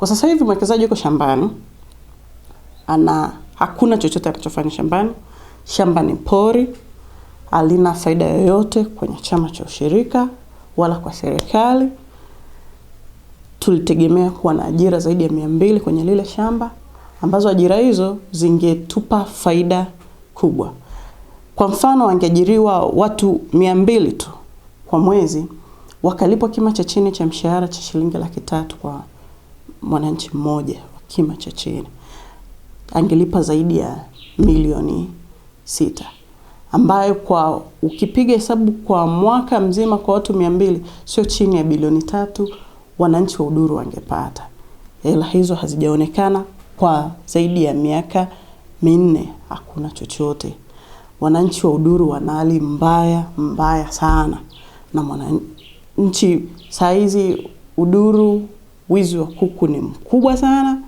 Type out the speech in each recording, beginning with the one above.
Kwa sasa hivi mwekezaji yuko shambani, ana hakuna chochote anachofanya shambani. Shamba ni pori, alina faida yoyote kwenye chama cha ushirika wala kwa serikali. Tulitegemea kuwa na ajira zaidi ya mia mbili kwenye lile shamba ambazo ajira hizo zingetupa faida kubwa. Kwa mfano, wangeajiriwa watu mia mbili tu kwa mwezi, wakalipwa kima cha chini cha mshahara cha shilingi laki tatu kwa mwananchi mmoja wa kima cha chini angelipa zaidi ya milioni sita ambayo kwa ukipiga hesabu kwa mwaka mzima kwa watu mia mbili sio chini ya bilioni tatu wananchi wa Uduru wangepata. Hela hizo hazijaonekana kwa zaidi ya miaka minne, hakuna chochote. Wananchi wa Uduru wana hali mbaya mbaya sana na mwananchi saa hizi Uduru wizi wa kuku ni mkubwa sana.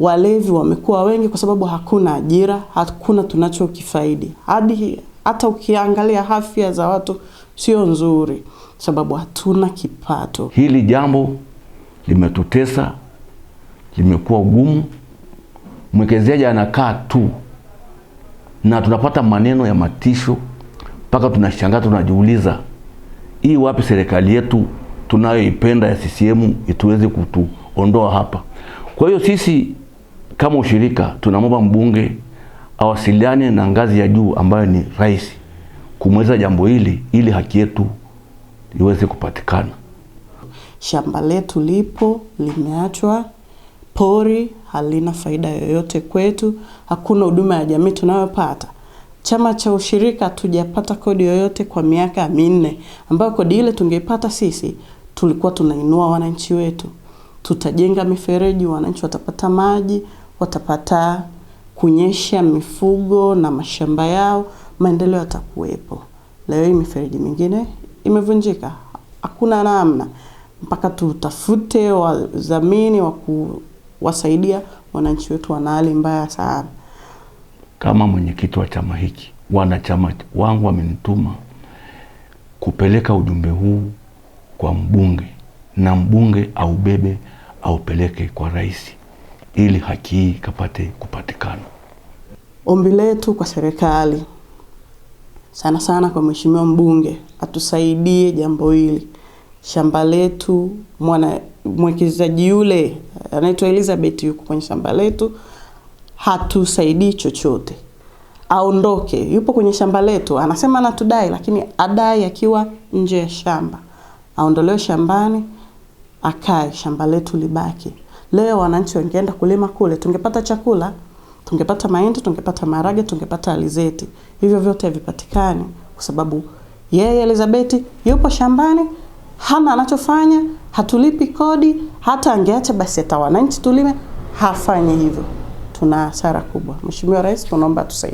Walevi wamekuwa wengi kwa sababu hakuna ajira, hakuna tunachokifaidi. Hadi hata ukiangalia afya za watu sio nzuri, sababu hatuna kipato. Hili jambo limetutesa, limekuwa ugumu. Mwekezaji anakaa tu na tunapata maneno ya matisho mpaka tunashangaa, tunajiuliza hii wapi serikali yetu tunayoipenda ya CCM ituweze kutuondoa hapa. Kwa hiyo sisi kama ushirika tunamwomba mbunge awasiliane na ngazi ya juu ambayo ni rais kumweza jambo hili ili haki yetu iweze kupatikana. Shamba letu lipo limeachwa pori, halina faida yoyote kwetu, hakuna huduma ya jamii tunayopata. Chama cha ushirika hatujapata kodi yoyote kwa miaka minne, ambayo kodi ile tungeipata sisi tulikuwa tunainua wananchi wetu, tutajenga mifereji, wananchi watapata maji, watapata kunyesha mifugo na mashamba yao, maendeleo yatakuwepo. Leo hii mifereji mingine imevunjika, hakuna namna, mpaka tutafute wadhamini wa kuwasaidia wananchi wetu, wana hali mbaya sana. Kama mwenyekiti wa chama hiki, wanachama wangu wamenituma kupeleka ujumbe huu kwa mbunge na mbunge aubebe aupeleke kwa rais ili haki hii ikapate kupatikana. Ombi letu kwa serikali sana sana kwa mheshimiwa mbunge atusaidie jambo hili. Shamba letu mwana mwekezaji yule anaitwa Elizabeth yuko kwenye shamba letu, hatusaidii chochote. Aondoke, yupo kwenye shamba letu, anasema anatudai, lakini adai akiwa nje ya shamba aondolewe shambani, akae shamba letu libaki. Leo wananchi wangeenda kulima kule, tungepata chakula, tungepata mahindi, tungepata maharage, tungepata alizeti. Hivyo vyote havipatikani kwa sababu yeye Elizabeti yupo shambani, hana anachofanya, hatulipi kodi. Hata angeacha basi hata wananchi tulime, hafanyi hivyo. Tuna hasara kubwa. Mheshimiwa Rais, tunaomba tusaidie.